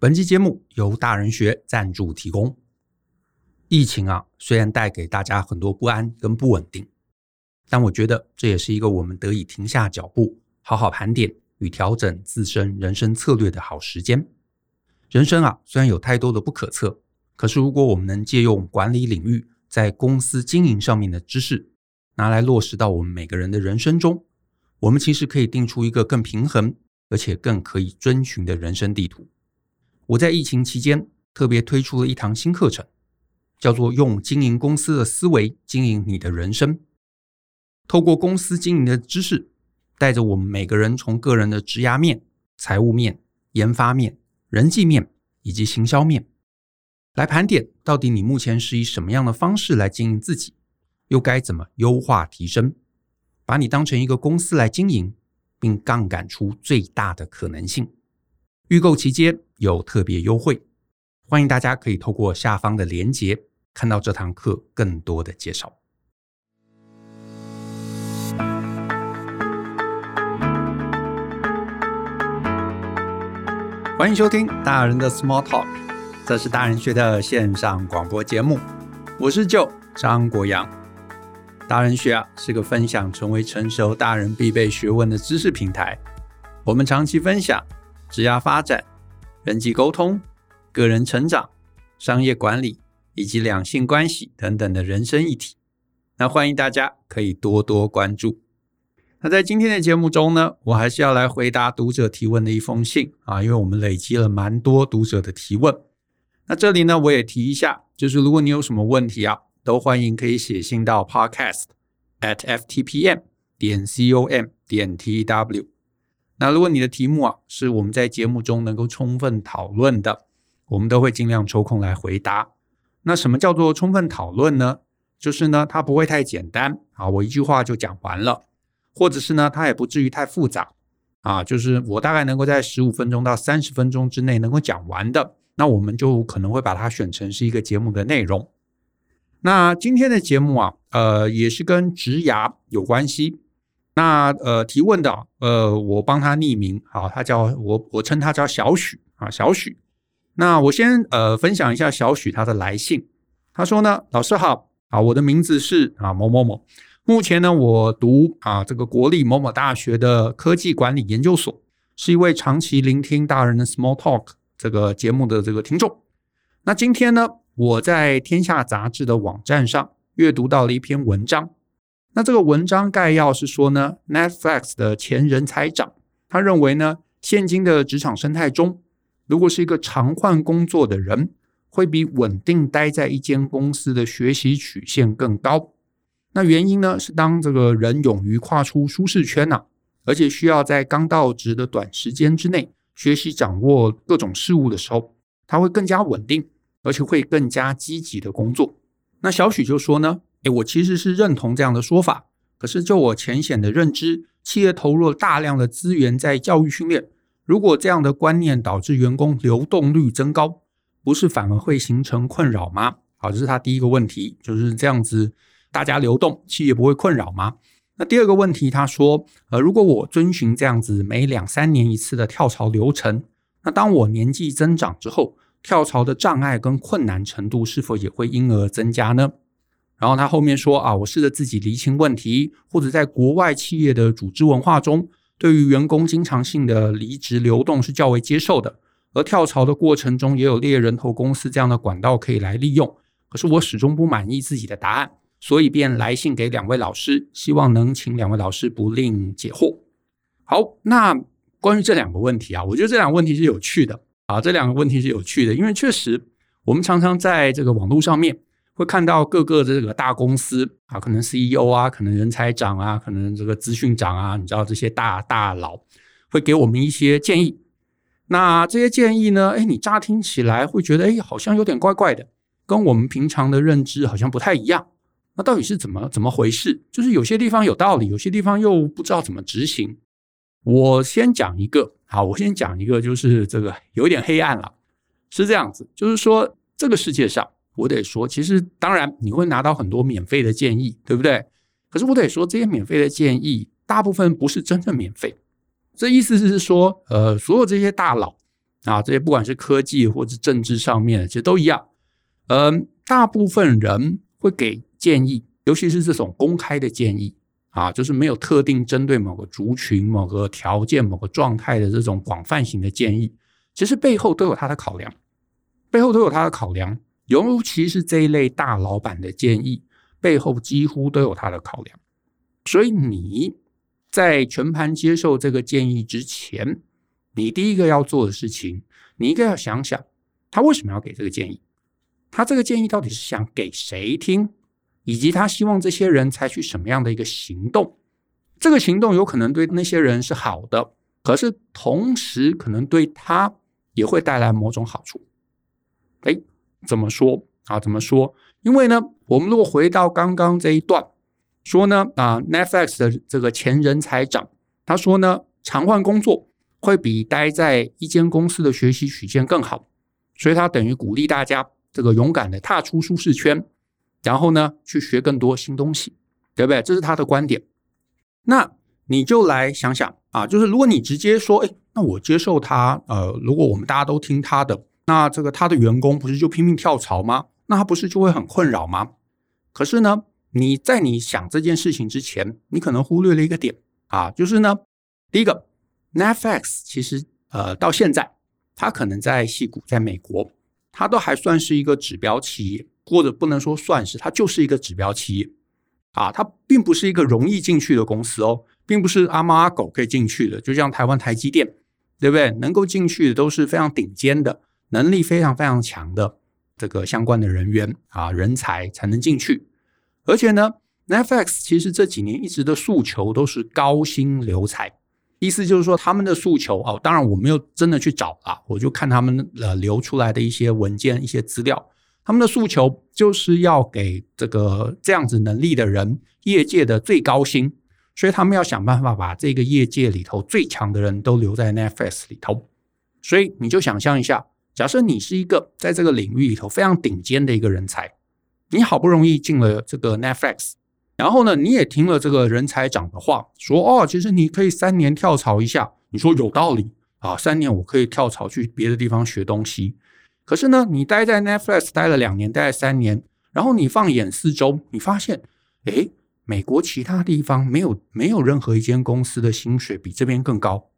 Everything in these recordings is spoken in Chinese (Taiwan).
本期節目由大人學贊助提供。疫情啊，雖然帶給大家很多不安跟不穩定，但我覺得這也是一個我們得以停下腳步，好好盤點與調整自身人生策略的好時間。人生啊，雖然有太多的不可測，可是如果我們能借用管理領域在公司經營上面的知識，拿來落實到我們每個人的人生中，我們其實可以定出一個更平衡，而且更可以遵循的人生地圖。我在疫情期間特別推出了一堂新課程，叫做“用經營公司的思維經營你的人生”。透過公司經營的知識，帶着我們每個人從個人的職涯面、財務面、研發面、人際面以及行銷面，來盤點到底你目前是以什麼樣的方式來經營自己，又該怎麼優化提升，把你當成一個公司來經營，並槓桿出最大的可能性。預購期間，有特別優惠，歡迎大家可以透過下方的連接看到這堂課更多的介紹。歡迎收聽大人的 Small Talk，這是大人學的線上廣播節目。我是 Joe 張國陽，大人學啊是個分享成為成熟大人必備學問的知識平台。我們長期分享，職業發展、人際溝通、個人成長、商業管理以及兩性關係等等的人生議題，那歡迎大家可以多多關注。那在今天的節目中呢，我還是要來回答讀者提問的一封信啊，因為我們累積了蠻多讀者的提問。那這裡呢，我也提一下，就是如果你有什麼問題啊，都歡迎可以寫信到 podcast at FTPM 點 com 點 tw。那如果你的題目啊，是我們在節目中能夠充分討論的，我們都會盡量抽空來回答。那什麼叫做充分討論呢？就是呢，它不會太簡單啊，我一句話就講完了，或者是呢，它也不至於太複雜啊，就是我大概能夠在十五分鐘到三十分鐘之內能夠講完的，那我們就可能會把它選成是一個節目的內容。那今天的節目啊，呃，也是跟職涯有關係。那呃，提問的呃，我幫他匿名，好、啊，他叫我我稱他叫小許啊，小許。那我先呃，分享一下小許他的來信。他說呢，老師好啊，我的名字是啊某某某，目前呢，我讀啊這個國立某某大學的科技管理研究所，是一位長期聆聽大人的 small talk 這個節目的這個聽眾。那今天呢，我在天下雜誌的網站上閱讀到了一篇文章。那這個文章概要是說呢，Netflix 的前人才長他認為呢，現今的職場生態中，如果是一個常換工作的人，會比穩定待在一間公司的學習曲線更高。那原因呢是，當這個人勇於跨出舒適圈啊，而且需要在剛到職的短時間之內學習掌握各種事物的時候，他會更加穩定，而且會更加積極的工作。那小許就說呢。哎，我其實是認同這樣的說法，可是就我淺顯的認知，企業投入了大量的資源在教育訓練。如果這樣的觀念導致員工流動率增高，不是反而會形成困擾嗎？好，這是他第一個問題，就是這樣子大家流動，企業不會困擾嗎？那第二個問題，他說，呃，如果我遵循這樣子每兩三年一次的跳槽流程，那當我年紀增長之後，跳槽的障礙跟困難程度是否也會因而增加呢？然後他後面說啊，我試着自己釐清問題，或者在國外企業的組織文化中，對於員工經常性的離職流動是較為接受的，而跳槽的過程中也有獵人頭公司這樣的管道，可以來利用。可是我始終不滿意自己的答案，所以便來信給兩位老師，希望能請兩位老師不吝解惑。好，那關於這兩個問題啊，我覺得這兩個問題是有趣的啊，這兩個問題是有趣的，因為確實我們常常在這個網絡上面。會看到各個這個大公司啊，可能 CEO 啊，可能人才長啊，可能這個資訊長啊，你知道這些大大佬會給我們一些建議。那這些建議呢？哎，你乍聽起來會覺得，哎，好像有點怪怪的，跟我們平常的認知好像不太一樣。那到底是怎麼怎麼回事？就是有些地方有道理，有些地方又不知道怎麼執行。我先講一個，好，我先講一個，就是這個有點黑暗了，是這樣子，就是說這個世界上。我得說，其實當然你會拿到很多免費的建議，對不對？可是我得說，這些免費的建議大部分不是真正免費。這意思是說，呃，所有這些大佬啊，這些不管是科技或是政治上面的，其實都一樣。嗯，呃，大部分人會給建議，尤其是這種公開的建議啊，就是沒有特定針對某個族群、某個條件、某個狀態的這種廣泛型的建議，其實背後都有他的考量，背後都有他的考量。尤其是這一類大老板的建議，背後幾乎都有他的考量。所以你在全盤接受這個建議之前，你第一個要做的事情，你應該要想想他為什麼要給這個建議，他這個建議到底是想給誰聽，以及他希望這些人採取什麼樣的一個行動。這個行動有可能對那些人是好的，可是同時可能對他也會帶來某種好處。哎。怎麼說啊？怎麼說？因為呢，我們如果回到剛剛這一段說呢，啊，Netflix 的這個前人才長，他說呢，常換工作會比待在一間公司的學習曲線更好，所以他等於鼓勵大家這個勇敢的踏出舒適圈，然後呢，去學更多新東西，對不對？這是他的觀點。那你就來想想啊，就是如果你直接說，哎，那我接受他，呃，如果我們大家都聽他的。那這個他的員工不是就拼命跳槽嗎？那他不是就會很困擾嗎？可是呢，你在你想這件事情之前，你可能忽略了一個點啊，就是呢，第一個 Netflix 其實呃到現在，它可能在矽谷在美國，它都還算是一個指標企業，或者不能說算是，它就是一個指標企業啊，它並不是一個容易進去的公司哦，並不是阿貓阿狗可以進去的，就像台灣台積電，對不對？能夠進去的都是非常頂尖的。能力非常非常強的這個相關的人員啊，人才才能進去。而且呢，Netflix 其實這幾年一直的訴求都是高薪留才，意思就是說他們的訴求哦，當然我沒有真的去找啊，我就看他們呃留出來的一些文件、一些資料。他們的訴求就是要給這個這樣子能力的人業界的最高薪，所以他們要想辦法把這個業界裡頭最強的人都留在 Netflix 裡頭。所以你就想象一下。假設你是一個在這個領域裡頭非常頂尖的一個人才，你好不容易進了這個 Netflix，然後呢，你也聽了這個人才長的話，說哦，其實你可以三年跳槽一下，你說有道理啊，三年我可以跳槽去別的地方學東西。可是呢，你待在 Netflix 待了兩年，待了三年，然後你放眼四周，你發現，哎、欸，美國其他地方沒有沒有任何一間公司的薪水比這邊更高。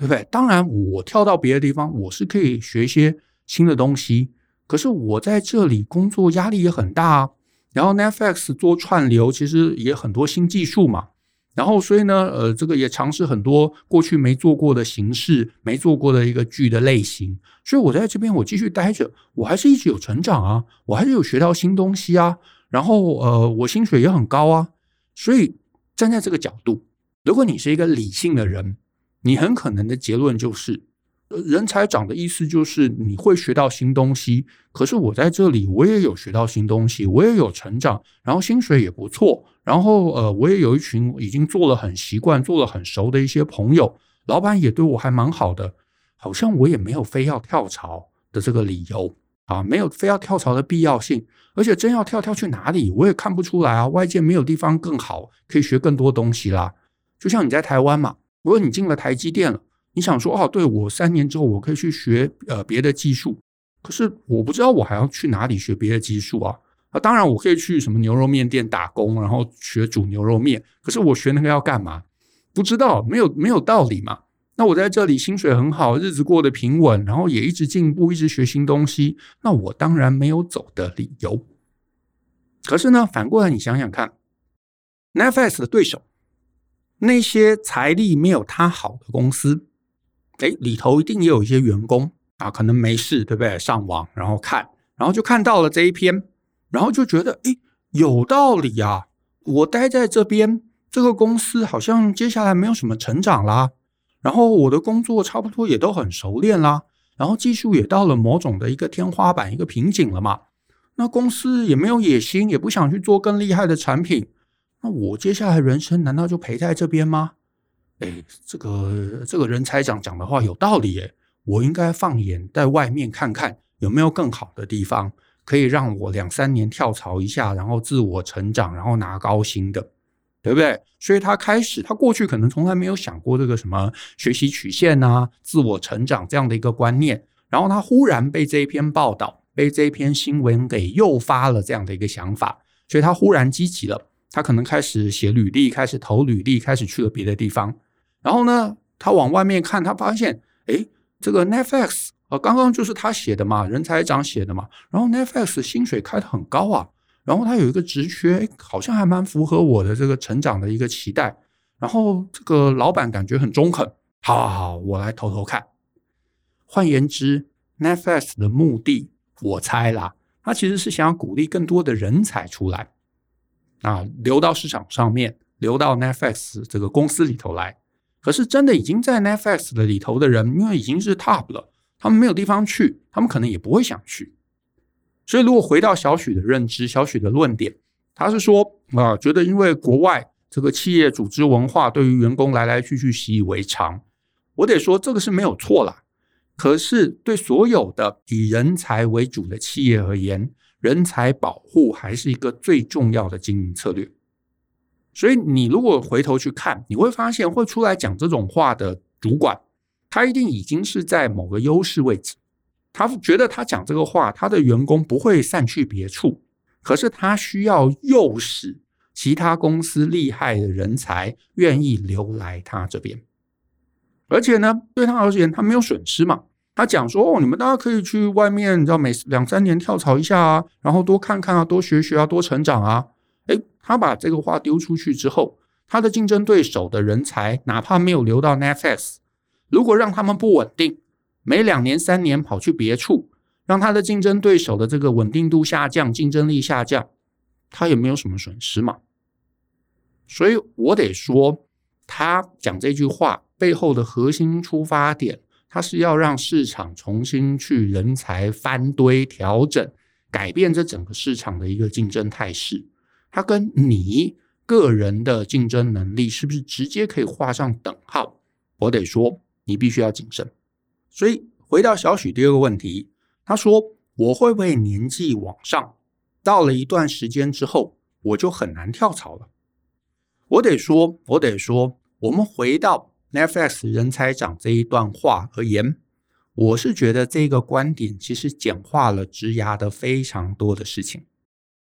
對不對？當然，我跳到別的地方，我是可以學一些新的東西。可是我在這裡工作壓力也很大啊。然後 Netflix 做串流，其實也很多新技術嘛。然後，所以呢，呃，這個也嘗試很多過去沒做過的形式，沒做過的一個劇的類型。所以我在這邊，我繼續待着，我還是一直有成長啊，我還是有學到新東西啊。然後，呃，我薪水也很高啊。所以站在這個角度，如果你是一個理性的人。你很可能的結論就是，人才長的意思就是你會學到新東西。可是我在這裡，我也有學到新東西，我也有成長，然後薪水也不錯，然後呃，我也有一群已經做了很習慣、做了很熟的一些朋友，老闆也對我還蠻好的，好像我也沒有非要跳槽的這個理由啊，沒有非要跳槽的必要性。而且真要跳，跳去哪裡我也看不出來啊。外界沒有地方更好，可以學更多東西啦。就像你在台灣嘛。如果你進了台積電了，你想說哦，對我三年之後我可以去學呃別的技術，可是我不知道我還要去哪裡學別的技術啊啊！當然我可以去什麼牛肉麵店打工，然後學煮牛肉麵，可是我學那個要幹嘛？不知道，沒有沒有道理嘛。那我在這裡薪水很好，日子過得平穩，然後也一直進步，一直學新東西，那我當然沒有走的理由。可是呢，反過來你想想看，Netflix 的對手。那些財力沒有他好的公司，誒，裡頭一定也有一些員工啊，可能沒事，對不對？上網，然後看，然後就看到了這一篇，然後就覺得，誒。有道理呀！我待在這邊，這個公司好像接下來沒有什麼成長啦。然後我的工作差不多也都很熟練啦，然後技術也到了某種的一個天花板，一個瓶頸了嘛。那公司也沒有野心，也不想去做更厲害的產品。那我接下來人生難道就陪在這邊嗎？哎、欸，這個這個人才長講的話有道理哎、欸，我應該放眼在外面看看有沒有更好的地方，可以讓我兩三年跳槽一下，然後自我成長，然後拿高薪的，對不對？所以他開始，他過去可能從來沒有想過這個什麼學習曲線啊、自我成長這樣的一個觀念，然後他忽然被這一篇報道、被這一篇新聞給誘發了這樣的一個想法，所以他忽然積極了。他可能開始寫履歷，開始投履歷，開始去了別的地方。然後呢，他往外面看，他發現，誒，這個 Netflix 啊、呃，剛剛就是他寫的嘛，人才長寫的嘛。然後 Netflix 薪水開得很高啊。然後他有一個職缺，誒，好像還蠻符合我的這個成長的一個期待。然後這個老闆感覺很中肯，好好好，我來投投看。換言之，Netflix 的目的，我猜啦，他其實是想要鼓勵更多的人才出來。啊，流到市場上面，流到 Netflix 這個公司裡頭來。可是真的已經在 Netflix 的裡頭的人，因為已經是 top 了，他們沒有地方去，他們可能也不會想去。所以，如果回到小許的認知，小許的論點，他是說啊、呃，覺得因為國外這個企業組織文化對於員工來來去去習以為常，我得說這個是沒有錯啦。可是對所有的以人才為主的企業而言，人才保護還是一個最重要的經營策略，所以你如果回頭去看，你會發現會出來講這種話的主管，他一定已經是在某個優勢位置，他覺得他講這個話，他的員工不會散去別處，可是他需要誘使其他公司厲害的人才願意留來他這邊，而且呢，對他而言，他沒有損失嘛。他講說：“哦，你們大家可以去外面，你知道，每兩三年跳槽一下啊，然後多看看啊，多學學啊，多成長啊。”哎，他把這個話丟出去之後，他的競爭對手的人才哪怕沒有留到 Netflix，如果讓他們不穩定，每兩年三年跑去別處，讓他的競爭對手的這個穩定度下降、競爭力下降，他也沒有什麼損失嘛。所以我得說，他講這句話背後的核心出發點。它是要讓市場重新去人才翻堆調整，改變這整個市場的一個競爭態勢。它跟你個人的競爭能力是不是直接可以畫上等號？我得說，你必須要謹慎。所以回到小許第二個問題，他說：“我會不會年紀往上，到了一段時間之後，我就很難跳槽了？”我得說，我得說，我們回到。Netflix 人才長這一段話而言，我是覺得這個觀點其實簡化了職涯的非常多的事情，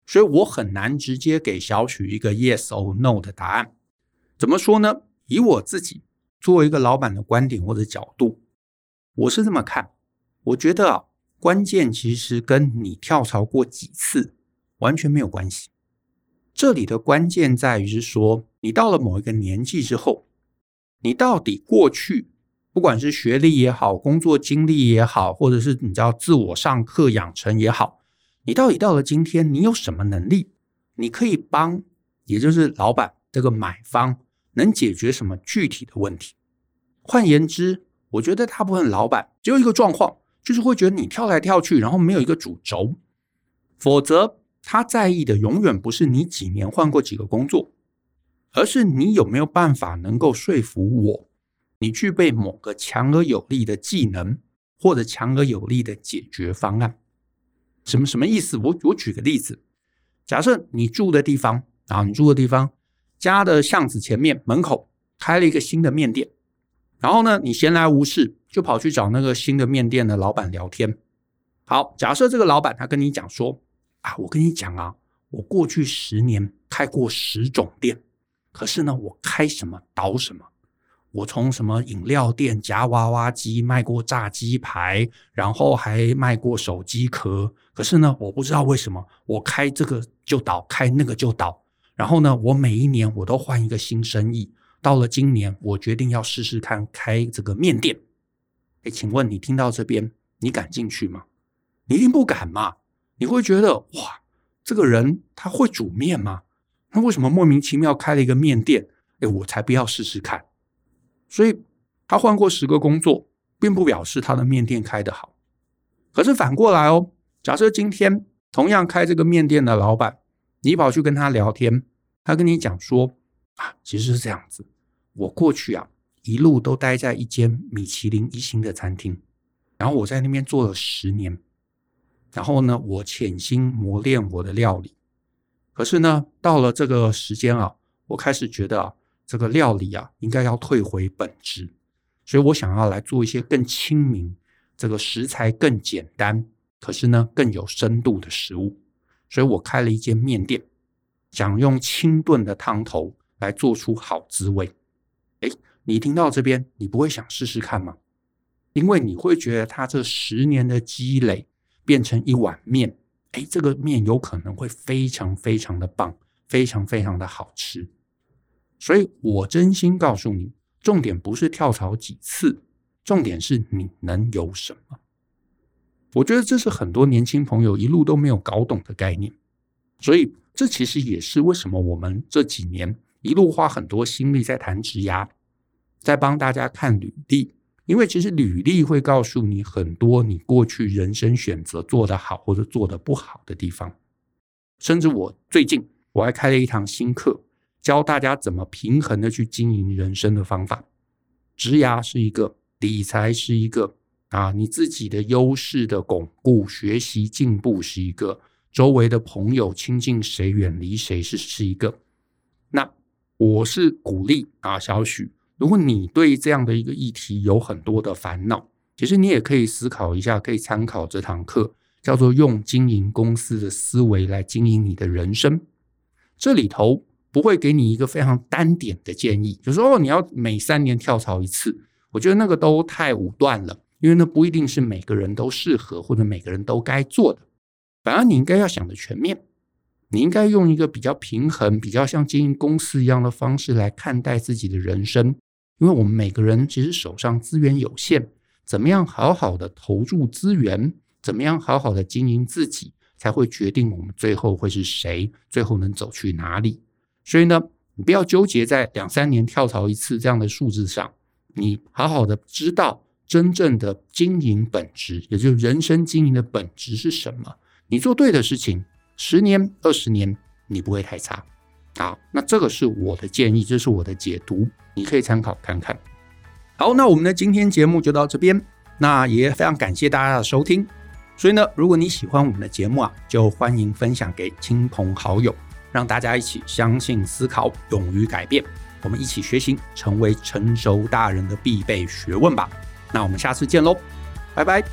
所以我很難直接給小許一個 yes or no 的答案。怎麼說呢？以我自己作為一個老板的觀點或者角度，我是這麼看。我覺得啊，關鍵其實跟你跳槽過幾次完全沒有關係。這裡的關鍵在於是說，你到了某一個年紀之後。你到底過去，不管是學歷也好，工作經歷也好，或者是你知道自我上課養成也好，你到底到了今天，你有什麼能力？你可以幫，也就是老板這個買方能解決什麼具體的問題？換言之，我覺得大部分老板只有一個狀況，就是會覺得你跳來跳去，然後沒有一個主軸，否則他在意的永遠不是你幾年換過幾個工作，而是你有沒有辦法能夠說服我，你具備某個強而有力的技能，或者強而有力的解決方案？什麼什麼意思？我我舉個例子，假設你住的地方啊，然後你住的地方家的巷子前面門口開了一個新的麵店，然後呢，你閒來無事就跑去找那個新的麵店的老板聊天。好，假設這個老板他跟你講說啊，我跟你講啊，我過去十年開過十種店。可是呢，我開什麼倒什麼，我從什麼飲料店、夾娃娃機賣過炸雞排，然後還賣過手機殼。可是呢，我不知道為什麼，我開這個就倒，開那個就倒。然後呢，我每一年我都換一個新生意。到了今年，我決定要試試看開這個麵店。哎，請問你聽到這邊，你敢進去嗎？你一定不敢嘛？你會覺得哇，這個人他會煮麵嗎？那為什麼莫名其妙開了一個麵店？哎，我才不要試試看。所以他換過十個工作，並不表示他的麵店開得好。可是反過來哦，假設今天同樣開這個麵店的老闆，你跑去跟他聊天，他跟你講說：“啊，其實是這樣子，我過去啊一路都待在一間米其林一星的餐廳，然後我在那邊做了十年，然後呢，我潛心磨練我的料理。”可是呢，到了這個時間啊，我開始覺得啊，這個料理啊，應該要退回本質，所以我想要來做一些更親民，這個食材更簡單，可是呢更有深度的食物，所以我開了一間麵店，想用清燉的湯頭來做出好滋味。欸，你聽到這邊，你不會想試試看嗎？因為你會覺得他這十年的積累變成一碗麵。哎，這個麵有可能會非常非常的棒，非常非常的好吃。所以我真心告訴你，重點不是跳槽幾次，重點是你能有什麼。我覺得這是很多年輕朋友一路都沒有搞懂的概念。所以，這其實也是為什麼我們這幾年一路花很多心力在談職涯，在幫大家看履歷。因為其實履歷會告訴你很多你過去人生選擇做得好或者做得不好的地方，甚至我最近我還開了一堂新課，教大家怎麼平衡的去經營人生的方法。職涯是一個，理財是一個，啊，你自己的優勢的鞏固、學習進步是一個，周圍的朋友親近誰、遠離誰是是一個。那我是鼓勵啊，小許。如果你對這樣的一個議題有很多的煩惱，其實你也可以思考一下，可以參考這堂課，叫做“用經營公司的思維來經營你的人生”。這裡頭不會給你一個非常單點的建議，就是說，哦，你要每三年跳槽一次。我覺得那個都太武斷了，因為那不一定是每個人都適合或者每個人都該做的。反而你應該要想的全面，你應該用一個比較平衡、比較像經營公司一樣的方式來看待自己的人生。因為我們每個人其實手上資源有限，怎麼樣好好的投入資源，怎麼樣好好的經營自己，才會決定我們最後會是誰，最後能走去哪裡。所以呢，你不要糾結在兩三年跳槽一次這樣的數字上，你好好的知道真正的經營本質，也就是人生經營的本質是什麼。你做對的事情，十年、二十年，你不會太差。啊，那這個是我的建議，這是我的解讀，你可以參考看看。好，那我們的今天節目就到這邊，那也非常感謝大家的收聽。所以呢，如果你喜歡我們的節目啊，就歡迎分享給親朋好友，讓大家一起相信、思考、勇於改變，我們一起學習，成為成熟大人的必備學問吧。那我們下次見嘍，拜拜。